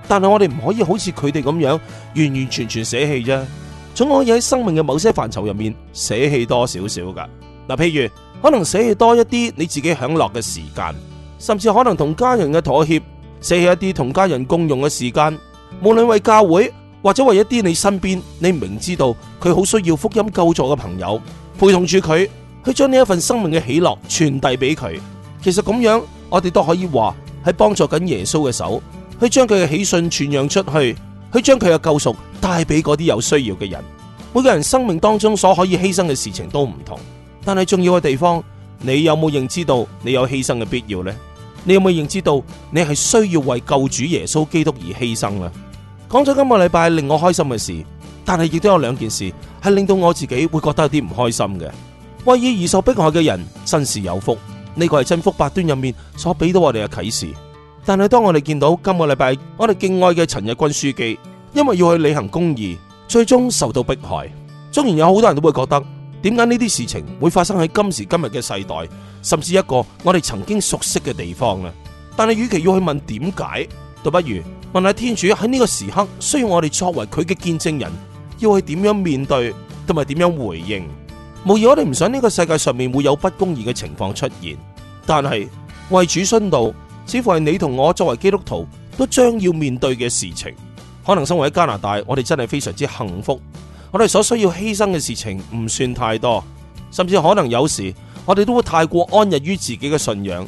但係我哋唔可以好似佢哋咁樣，完完全全捨棄啫。總可以喺生命嘅某些範疇入面，捨棄多少少噶。嗱，譬如可能捨棄多一啲你自己享樂嘅時間，甚至可能同家人嘅妥協，捨棄一啲同家人共用嘅時間，無論為教會。或者為一啲你身邊，你明知道佢好需要福音救助嘅朋友，陪同住佢去將呢一份生命嘅喜樂傳遞俾佢。其實咁樣，我哋都可以話係幫助緊耶穌嘅手，去將佢嘅喜訊傳揚出去，去將佢嘅救贖帶俾嗰啲有需要嘅人。每個人生命當中所可以犧牲嘅事情都唔同，但係重要嘅地方，你有冇認知道你有犧牲嘅必要呢？你有冇認知道你係需要為救主耶穌基督而犧牲呢？講咗今個禮拜令我開心嘅事，但係亦都有兩件事係令到我自己會覺得有啲唔開心嘅。為義而受迫害嘅人，真是有福，呢、這個係真福八端入面所俾到我哋嘅啟示。但係當我哋見到今個禮拜我哋敬愛嘅陳日君書記，因為要去履行公義，最終受到迫害，當然有好多人都會覺得，點解呢啲事情會發生喺今時今日嘅世代，甚至一個我哋曾經熟悉嘅地方呢？」但係與其要去問點解，倒不如。問下天主喺呢個時刻需要我哋作為佢嘅見證人，要去點樣面對同埋點樣回應？無疑我哋唔想呢個世界上面會有不公義嘅情況出現，但係為主殉道，似乎係你同我作為基督徒都將要面對嘅事情。可能生活喺加拿大，我哋真係非常之幸福，我哋所需要犧牲嘅事情唔算太多，甚至可能有時我哋都會太過安逸於自己嘅信仰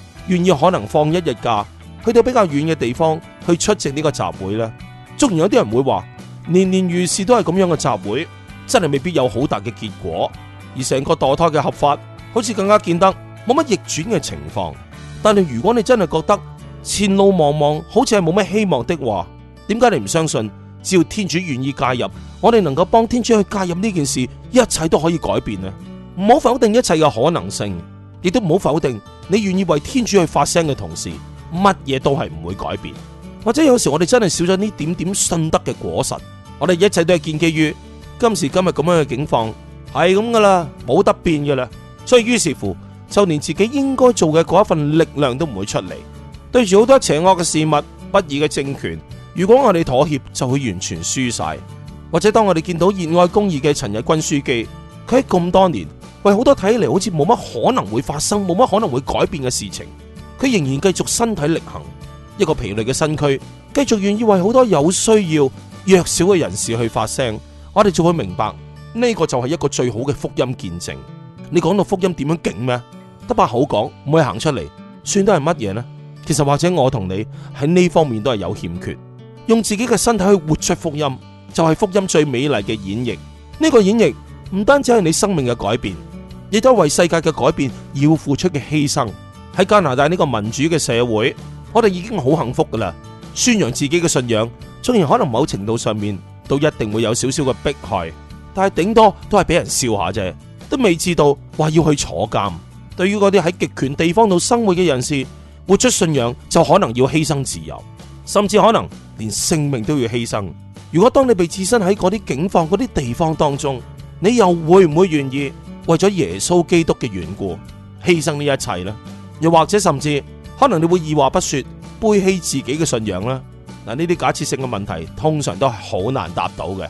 願意可能放一日假，去到比較遠嘅地方去出席呢個集會呢。雖然有啲人會話年年如是都係咁樣嘅集會，真係未必有好大嘅結果，而成個墮胎嘅合法好似更加見得冇乜逆轉嘅情況。但係如果你真係覺得前路茫茫，好似係冇咩希望的話，點解你唔相信只要天主願意介入，我哋能夠幫天主去介入呢件事，一切都可以改變呢？唔好否定一切嘅可能性。亦都唔好否定，你願意為天主去發聲嘅同時，乜嘢都係唔會改變。或者有時我哋真係少咗呢點點信德嘅果實，我哋一切都係建基於今時今日咁樣嘅境況係咁噶啦，冇得變噶啦。所以於是乎，就連自己應該做嘅嗰一份力量都唔會出嚟。對住好多邪惡嘅事物、不義嘅政權，如果我哋妥協，就會完全輸晒。或者當我哋見到熱愛公義嘅陳日君樞機，佢喺咁多年。為好多睇嚟好似冇乜可能會發生、冇乜可能會改變嘅事情，佢仍然繼續身體力行，一個疲累嘅身軀，繼續願意為好多有需要、弱小嘅人士去發聲。我哋就會明白呢個就係一個最好嘅福音見證。你講到福音點樣勁咩？得把口講，唔可以行出嚟，算得係乜嘢呢？其實或者我同你喺呢方面都係有欠缺，用自己嘅身體去活出福音，就係福音最美麗嘅演繹。呢個演繹唔單止係你生命嘅改變。亦都為世界嘅改變要付出嘅犧牲。喺加拿大呢個民主嘅社會，我哋已經好幸福噶啦。宣揚自己嘅信仰，雖然可能某程度上面都一定會有少少嘅迫害，但係頂多都係俾人笑下啫，都未知道話要去坐監。對於嗰啲喺極權地方度生活嘅人士，活出信仰就可能要犧牲自由，甚至可能連性命都要犧牲。如果當你被置身喺嗰啲警方嗰啲地方當中，你又會唔會願意？為咗耶穌基督嘅緣故犧牲呢一切咧，又或者甚至可能你會二話不說背棄自己嘅信仰啦。嗱，呢啲假設性嘅問題通常都係好難答到嘅。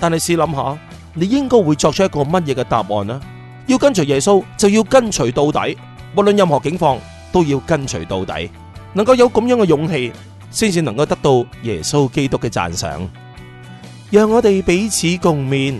但係試諗下，你應該會作出一個乜嘢嘅答案啦？要跟隨耶穌就要跟隨到底，無論任何境況都要跟隨到底。能夠有咁樣嘅勇氣，先至能夠得到耶穌基督嘅讚賞。讓我哋彼此共勉。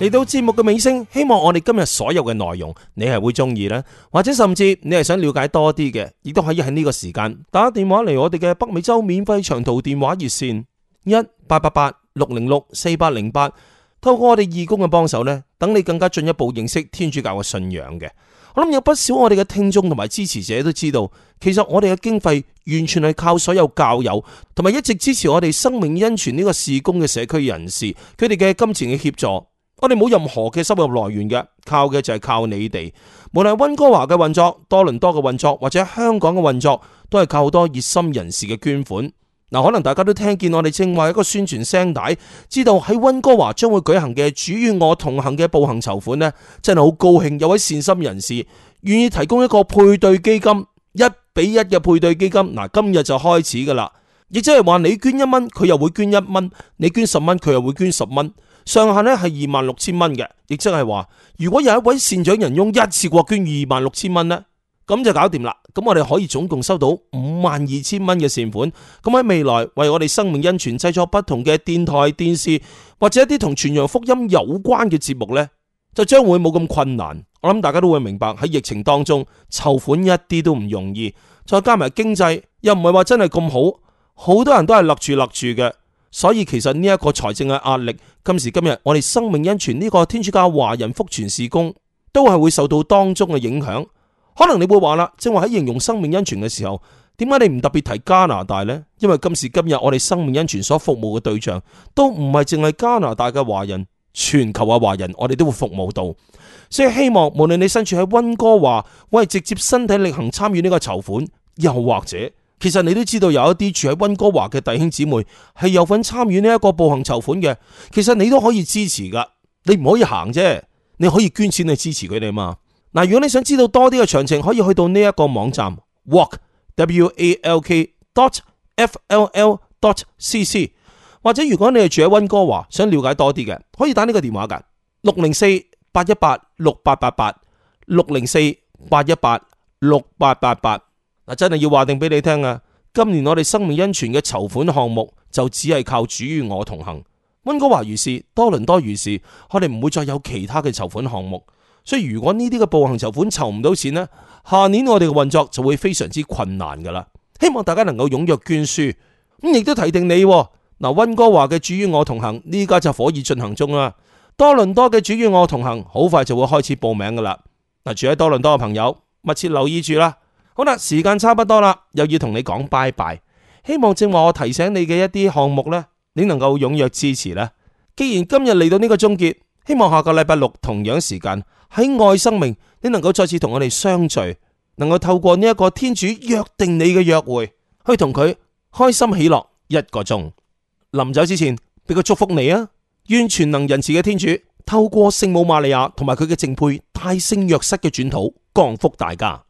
嚟到節目嘅尾聲，希望我哋今日所有嘅內容你係會中意啦，或者甚至你係想了解多啲嘅，亦都可以喺呢個時間打電話嚟我哋嘅北美洲免費長途電話熱線一八八八六零六四八零八。透過我哋義工嘅幫手呢，等你更加進一步認識天主教嘅信仰嘅。我諗有不少我哋嘅聽眾同埋支持者都知道，其實我哋嘅經費完全係靠所有教友同埋一直支持我哋生命恩泉呢個事工嘅社區人士佢哋嘅金錢嘅協助。我哋冇任何嘅收入來源嘅，靠嘅就係靠你哋。無論溫哥華嘅運作、多倫多嘅運作或者香港嘅運作，都係靠好多熱心人士嘅捐款。嗱，可能大家都聽見我哋正話一個宣傳聲帶，知道喺溫哥華將會舉行嘅主與我同行嘅步行籌款呢，真係好高興，有位善心人士願意提供一個配對基金，一比一嘅配對基金。嗱，今日就開始噶啦，亦即係話你捐一蚊，佢又會捐一蚊；你捐十蚊，佢又會捐十蚊。上限呢係二萬六千蚊嘅，亦即係話，如果有一位善長仁翁一次過捐二萬六千蚊呢，咁就搞掂啦。咁我哋可以總共收到五萬二千蚊嘅善款。咁喺未來為我哋生命恩泉製作不同嘅電台、電視或者一啲同傳揚福音有關嘅節目呢，就將會冇咁困難。我諗大家都會明白喺疫情當中籌款一啲都唔容易，再加埋經濟又唔係話真係咁好，好多人都係勒住勒住嘅。所以其實呢一個財政嘅壓力，今時今日我哋生命恩泉呢個天主教華人福傳事工，都係會受到當中嘅影響。可能你會話啦，正話喺形容生命恩泉嘅時候，點解你唔特別提加拿大呢？因為今時今日我哋生命恩泉所服務嘅對象，都唔係淨係加拿大嘅華人，全球嘅華人我哋都會服務到。所以希望無論你身處喺溫哥華，我係直接身體力行參與呢個籌款，又或者。其實你都知道有一啲住喺溫哥華嘅弟兄姊妹係有份參與呢一個步行籌款嘅，其實你都可以支持噶你唔可以行啫，你可以捐錢去支持佢哋嘛。嗱，如果你想知道多啲嘅詳情，可以去到呢一個網站 walk w a l k dot f l l dot c c，或者如果你係住喺溫哥華想了解多啲嘅，可以打呢個電話噶六零四八一八六八八八六零四八一八六八八八。真係要話定俾你聽啊！今年我哋生命恩泉嘅籌款項目就只係靠主與我同行。溫哥華如是，多倫多如是，我哋唔會再有其他嘅籌款項目。所以如果呢啲嘅步行籌款籌唔到錢呢，下年我哋嘅運作就會非常之困難噶啦。希望大家能夠踴躍捐輸，咁亦都提定你。嗱，溫哥華嘅主與我同行呢家就火熱進行中啦，多倫多嘅主與我同行好快就會開始報名噶啦。嗱，住喺多倫多嘅朋友密切留意住啦。好啦，時間差不多啦，又要同你講拜拜。希望正話我提醒你嘅一啲項目呢，你能夠踴躍支持啦。既然今日嚟到呢個終結，希望下個禮拜六同樣時間喺愛生命，你能夠再次同我哋相聚，能夠透過呢一個天主約定你嘅約會，去同佢開心喜樂一個鐘。臨走之前，俾個祝福你啊！願全能仁慈嘅天主透過聖母瑪利亞同埋佢嘅淨配大聖若瑟嘅轉禱，降福大家。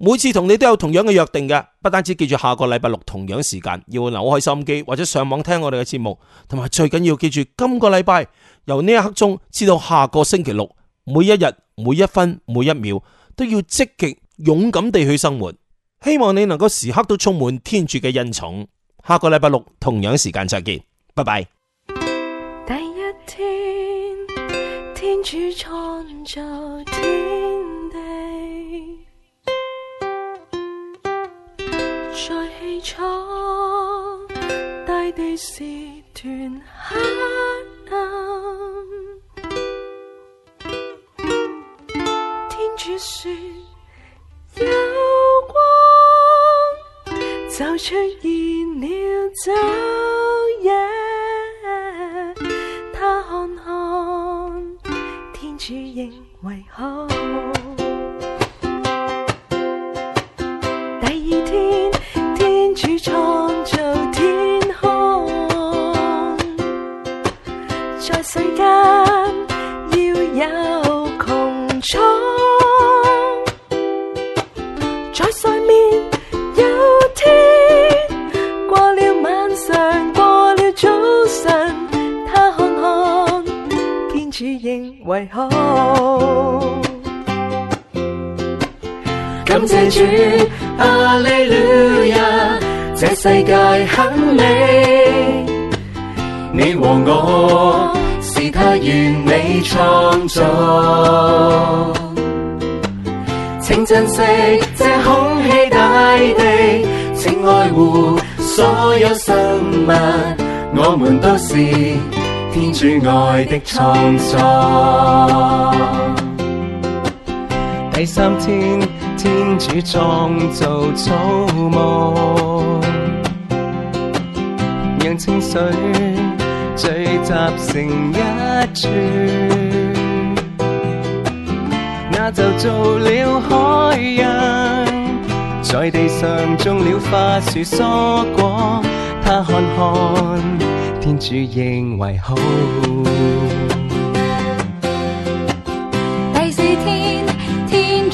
每次同你都有同樣嘅約定嘅，不單止記住下個禮拜六同樣時間要留開心機或者上網聽我哋嘅節目，同埋最緊要記住今個禮拜由呢一刻鐘至到下個星期六，每一日每一分每一秒都要積極勇敢地去生活。希望你能夠時刻都充滿天主嘅恩寵。下個禮拜六同樣時間再見，拜拜。第一天，天主創造天。在起初，大地是團黑暗。天主說有光，就出現了。早夜，他看看，天主認為好。謝主，阿利路亞，這世界很美，你和我是他完美創造。請珍惜這空氣大地，請愛護所有生物，我們都是天主愛的創造。第三天。天主創造草木，讓清水聚集成一處，那就做了海洋，在地上種了花樹蔬果，他看看天主認為好。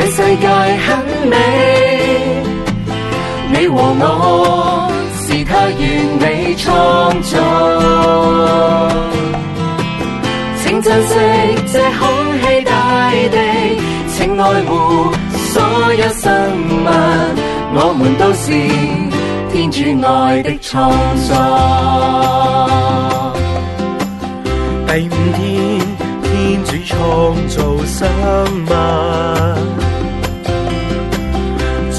這世界很美，你和我是他完美創造。請珍惜這空氣大地，請愛護所有生物，我們都是天主愛的創作。第五天，天主創造生物。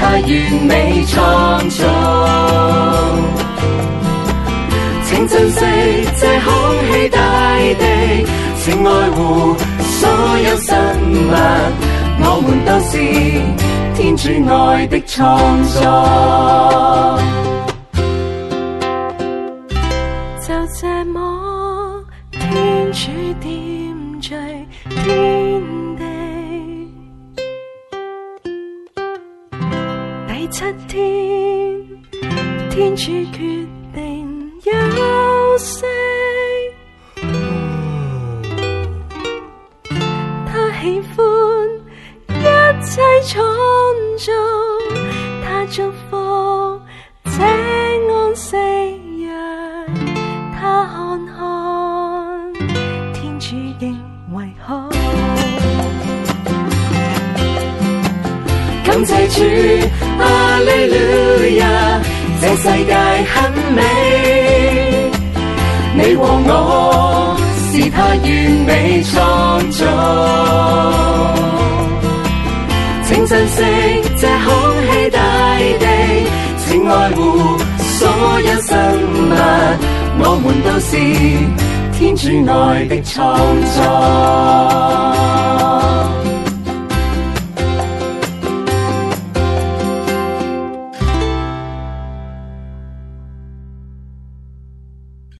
太完美創造，請珍惜這空氣大地，請愛護所有生物。我們都是天主愛的創造。所有生物，我們都是天主愛的創造。